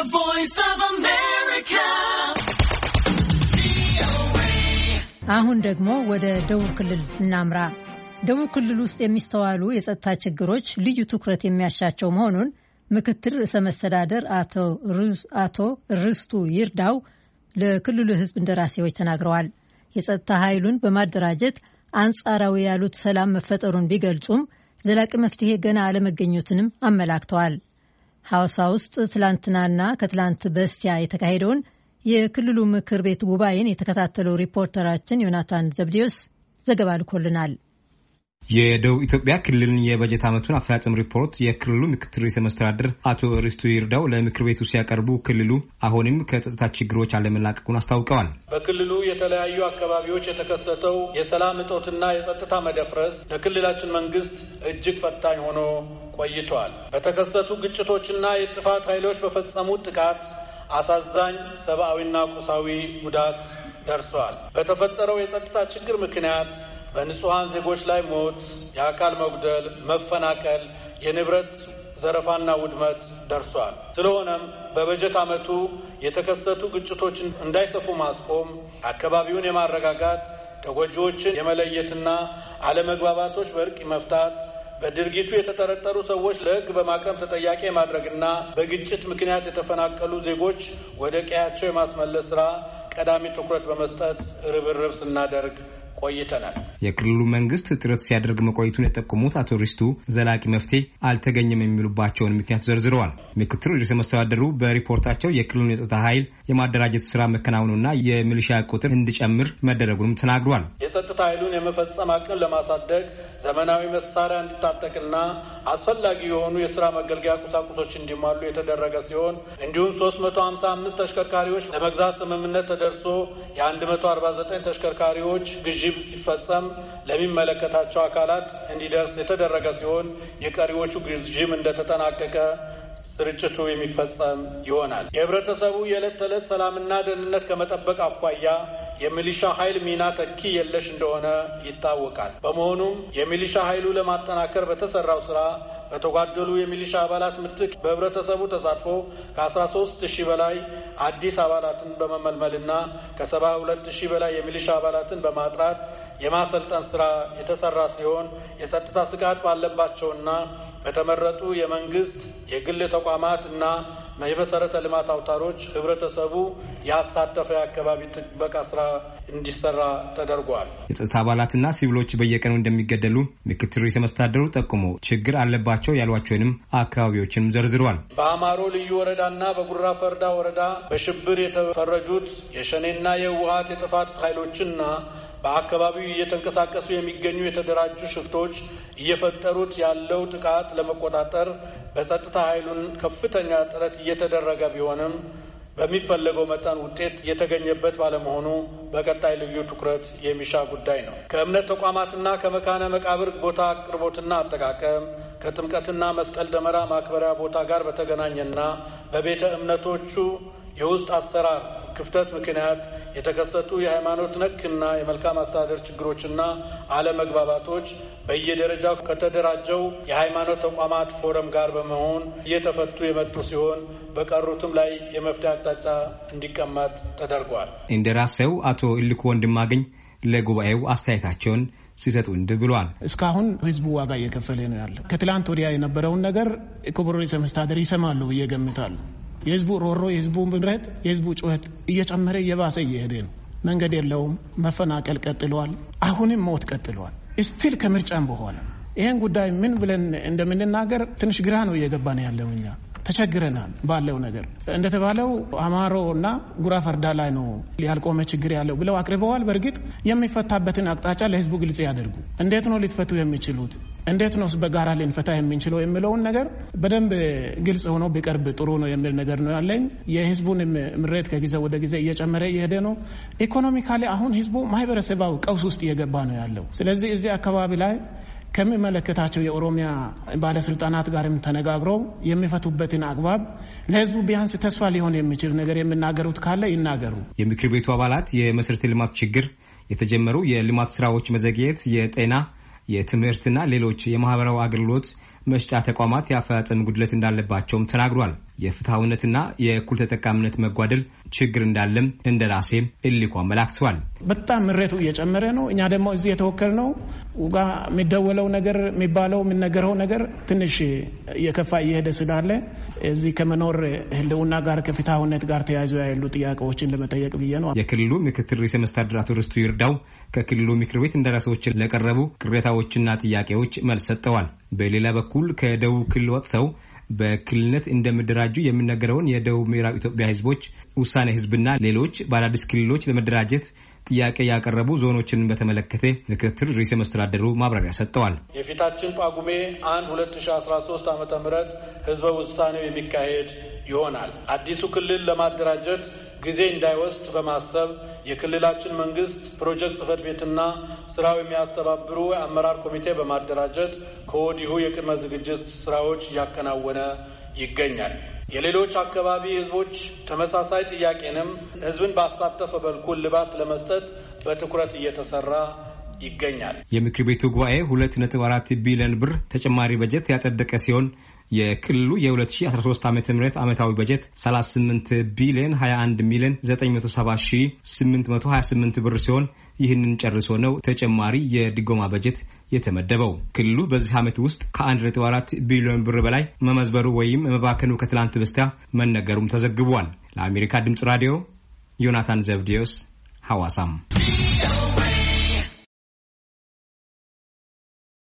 The Voice of America. አሁን ደግሞ ወደ ደቡብ ክልል እናምራ። ደቡብ ክልል ውስጥ የሚስተዋሉ የጸጥታ ችግሮች ልዩ ትኩረት የሚያሻቸው መሆኑን ምክትል ርዕሰ መስተዳደር አቶ ርስቱ ይርዳው ለክልሉ ሕዝብ እንደራሴዎች ተናግረዋል። የጸጥታ ኃይሉን በማደራጀት አንጻራዊ ያሉት ሰላም መፈጠሩን ቢገልጹም ዘላቂ መፍትሄ ገና አለመገኘቱንም አመላክተዋል። ሐዋሳ ውስጥ ትላንትናና ከትላንት በስቲያ የተካሄደውን የክልሉ ምክር ቤት ጉባኤን የተከታተለው ሪፖርተራችን ዮናታን ዘብዲዮስ ዘገባ ልኮልናል። የደቡብ ኢትዮጵያ ክልልን የበጀት ዓመቱን አፈጻጸም ሪፖርት የክልሉ ምክትል ርዕሰ መስተዳድር አቶ ሪስቱ ይርዳው ለምክር ቤቱ ሲያቀርቡ ክልሉ አሁንም ከጸጥታ ችግሮች አለመላቀቁን አስታውቀዋል። በክልሉ የተለያዩ አካባቢዎች የተከሰተው የሰላም እጦትና የጸጥታ መደፍረስ ለክልላችን መንግስት እጅግ ፈታኝ ሆኖ ቆይቷል። በተከሰቱ ግጭቶችና የጥፋት ኃይሎች በፈጸሙት ጥቃት አሳዛኝ ሰብአዊና ቁሳዊ ጉዳት ደርሷል። በተፈጠረው የጸጥታ ችግር ምክንያት በንጹሐን ዜጎች ላይ ሞት፣ የአካል መጉደል፣ መፈናቀል፣ የንብረት ዘረፋና ውድመት ደርሷል። ስለሆነም በበጀት ዓመቱ የተከሰቱ ግጭቶችን እንዳይሰፉ ማስቆም፣ አካባቢውን የማረጋጋት ተጎጂዎችን የመለየትና አለመግባባቶች በእርቅ መፍታት በድርጊቱ የተጠረጠሩ ሰዎች ለሕግ በማቅረብ ተጠያቂ ማድረግና በግጭት ምክንያት የተፈናቀሉ ዜጎች ወደ ቀያቸው የማስመለስ ስራ ቀዳሚ ትኩረት በመስጠት ርብርብ ስናደርግ ቆይተናል። የክልሉ መንግስት ጥረት ሲያደርግ መቆየቱን የጠቆሙት አቶ ሪስቱ ዘላቂ መፍትሄ አልተገኘም የሚሉባቸውን ምክንያት ዘርዝረዋል። ምክትሉ ርዕሰ መስተዳደሩ በሪፖርታቸው የክልሉን የጸጥታ ኃይል የማደራጀት ስራ መከናወኑና የሚሊሻ ቁጥር እንዲጨምር መደረጉንም ተናግሯል። የጸጥታ ኃይሉን የመፈጸም አቅም ለማሳደግ ዘመናዊ መሳሪያ እንዲታጠቅና አስፈላጊ የሆኑ የስራ መገልገያ ቁሳቁሶች እንዲሟሉ የተደረገ ሲሆን እንዲሁም ሶስት መቶ ሀምሳ አምስት ተሽከርካሪዎች ለመግዛት ስምምነት ተደርሶ የአንድ መቶ አርባ ዘጠኝ ተሽከርካሪዎች ግዢ ሲፈጸም ለሚመለከታቸው አካላት እንዲደርስ የተደረገ ሲሆን የቀሪዎቹ ግዥም እንደተጠናቀቀ ስርጭቱ የሚፈጸም ይሆናል። የህብረተሰቡ የዕለት ተዕለት ሰላምና ደህንነት ከመጠበቅ አኳያ የሚሊሻ ኃይል ሚና ተኪ የለሽ እንደሆነ ይታወቃል። በመሆኑም የሚሊሻ ኃይሉ ለማጠናከር በተሰራው ስራ በተጓደሉ የሚሊሻ አባላት ምትክ በህብረተሰቡ ተሳትፎ ከአስራ ሶስት ሺህ በላይ አዲስ አባላትን በመመልመልና ከሰባ ሁለት ሺህ በላይ የሚሊሻ አባላትን በማጥራት የማሰልጠን ስራ የተሰራ ሲሆን የጸጥታ ስጋት ባለባቸውና በተመረጡ የመንግስት የግል ተቋማት እና የመሰረተ ልማት አውታሮች ህብረተሰቡ ያሳተፈ የአካባቢ ጥበቃ ስራ እንዲሰራ ተደርጓል። የጸጥታ አባላትና ሲቪሎች በየቀኑ እንደሚገደሉ ምክትል ርዕሰ መስተዳድሩ ጠቁሞ ችግር አለባቸው ያሏቸውንም አካባቢዎችንም ዘርዝረዋል። በአማሮ ልዩ ወረዳና በጉራ ፈርዳ ወረዳ በሽብር የተፈረጁት የሸኔና የህወሀት የጥፋት ኃይሎችና በአካባቢው እየተንቀሳቀሱ የሚገኙ የተደራጁ ሽፍቶች እየፈጠሩት ያለው ጥቃት ለመቆጣጠር በጸጥታ ኃይሉን ከፍተኛ ጥረት እየተደረገ ቢሆንም በሚፈለገው መጠን ውጤት የተገኘበት ባለመሆኑ በቀጣይ ልዩ ትኩረት የሚሻ ጉዳይ ነው። ከእምነት ተቋማትና ከመካነ መቃብር ቦታ አቅርቦትና አጠቃቀም ከጥምቀትና መስቀል ደመራ ማክበሪያ ቦታ ጋር በተገናኘና በቤተ እምነቶቹ የውስጥ አሰራር ክፍተት ምክንያት የተከሰቱ የሃይማኖት ነክና የመልካም አስተዳደር ችግሮችና አለመግባባቶች በየደረጃው ከተደራጀው የሃይማኖት ተቋማት ፎረም ጋር በመሆን እየተፈቱ የመጡ ሲሆን በቀሩትም ላይ የመፍትሄ አቅጣጫ እንዲቀመጥ ተደርጓል። እንደራሴው አቶ እልኩ ወንድማገኝ ለጉባኤው አስተያየታቸውን ሲሰጡ እንዲህ ብሏል። እስካሁን ህዝቡ ዋጋ እየከፈለ ነው ያለ። ከትላንት ወዲያ የነበረውን ነገር ክቡር ርዕሰ መስተዳድር ይሰማሉ ብዬ ገምታለሁ። የህዝቡ ሮሮ፣ የህዝቡ ምረት፣ የህዝቡ ጩኸት እየጨመረ እየባሰ እየሄደ ነው። መንገድ የለውም። መፈናቀል ቀጥሏል። አሁንም ሞት ቀጥሏል። ስቲል ከምርጫም በኋላ ይህን ጉዳይ ምን ብለን እንደምንናገር ትንሽ ግራ ነው እየገባ ነው ያለው እኛ ተቸግረናል። ባለው ነገር እንደተባለው አማሮ እና ጉራ ፈርዳ ላይ ነው ያልቆመ ችግር ያለው ብለው አቅርበዋል። በእርግጥ የሚፈታበትን አቅጣጫ ለህዝቡ ግልጽ ያደርጉ። እንዴት ነው ሊትፈቱ የሚችሉት? እንዴት ነው በጋራ ልንፈታ የምንችለው የሚለውን ነገር በደንብ ግልጽ ሆኖ ቢቀርብ ጥሩ ነው የሚል ነገር ነው ያለኝ። የህዝቡን ምሬት ከጊዜ ወደ ጊዜ እየጨመረ እየሄደ ነው። ኢኮኖሚካሊ አሁን ህዝቡ ማህበረሰባዊ ቀውስ ውስጥ እየገባ ነው ያለው። ስለዚህ እዚህ አካባቢ ላይ ከሚመለከታቸው የኦሮሚያ ባለስልጣናት ጋርም ተነጋግረው የሚፈቱበትን አግባብ ለህዝቡ ቢያንስ ተስፋ ሊሆን የሚችል ነገር የሚናገሩት ካለ ይናገሩ። የምክር ቤቱ አባላት የመሰረተ ልማት ችግር፣ የተጀመሩ የልማት ስራዎች መዘግየት፣ የጤና የትምህርትና ሌሎች የማህበራዊ አገልግሎት መስጫ ተቋማት የአፈጻጸም ጉድለት እንዳለባቸውም ተናግሯል። የፍትሐዊነትና የእኩል ተጠቃሚነት መጓደል ችግር እንዳለም እንደራሴ እልኮ አመላክተዋል። በጣም ምሬቱ እየጨመረ ነው። እኛ ደግሞ እዚህ የተወከል ነው ጋ የሚደወለው ነገር የሚባለው የሚነገረው ነገር ትንሽ እየከፋ እየሄደ ስላለ እዚህ ከመኖር ህልውና ጋር ከፍትሐዊነት ጋር ተያይዞ ያሉ ጥያቄዎችን ለመጠየቅ ብዬ ነው። የክልሉ ምክትል ርዕሰ መስተዳድር አቶ ርስቱ ይርዳው ከክልሉ ምክር ቤት እንደራሴዎች ለቀረቡ ቅሬታዎችና ጥያቄዎች መልስ ሰጥተዋል። በሌላ በኩል ከደቡብ ክልል ወጥተው በክልልነት እንደሚደራጁ የሚነገረውን የደቡብ ምዕራብ ኢትዮጵያ ህዝቦች ውሳኔ ህዝብና ሌሎች በአዳዲስ ክልሎች ለመደራጀት ጥያቄ ያቀረቡ ዞኖችን በተመለከተ ምክትል ርዕሰ መስተዳደሩ ማብራሪያ ሰጥተዋል። የፊታችን ጳጉሜ አንድ ሁለት ሺ አስራ ሶስት ዓመተ ምህረት ህዝበ ውሳኔው የሚካሄድ ይሆናል። አዲሱ ክልል ለማደራጀት ጊዜ እንዳይወስድ በማሰብ የክልላችን መንግስት ፕሮጀክት ጽህፈት ቤትና ስራው የሚያስተባብሩ የአመራር ኮሚቴ በማደራጀት ከወዲሁ የቅድመ ዝግጅት ስራዎች እያከናወነ ይገኛል። የሌሎች አካባቢ ህዝቦች ተመሳሳይ ጥያቄንም ህዝብን ባሳተፈ መልኩ ልባት ለመስጠት በትኩረት እየተሰራ ይገኛል። የምክር ቤቱ ጉባኤ ሁለት ነጥብ አራት ቢሊዮን ብር ተጨማሪ በጀት ያጸደቀ ሲሆን የክልሉ የ2013 ዓ ም ዓመታዊ በጀት 38 ቢሊዮን 21 ሚሊዮን 970 ሺህ 828 ብር ሲሆን ይህንን ጨርሶ ነው ተጨማሪ የድጎማ በጀት የተመደበው። ክልሉ በዚህ ዓመት ውስጥ ከ1.4 ቢሊዮን ብር በላይ መመዝበሩ ወይም መባከኑ ከትላንት በስቲያ መነገሩም ተዘግቧል። ለአሜሪካ ድምፅ ራዲዮ ዮናታን ዘብዲዮስ ሐዋሳም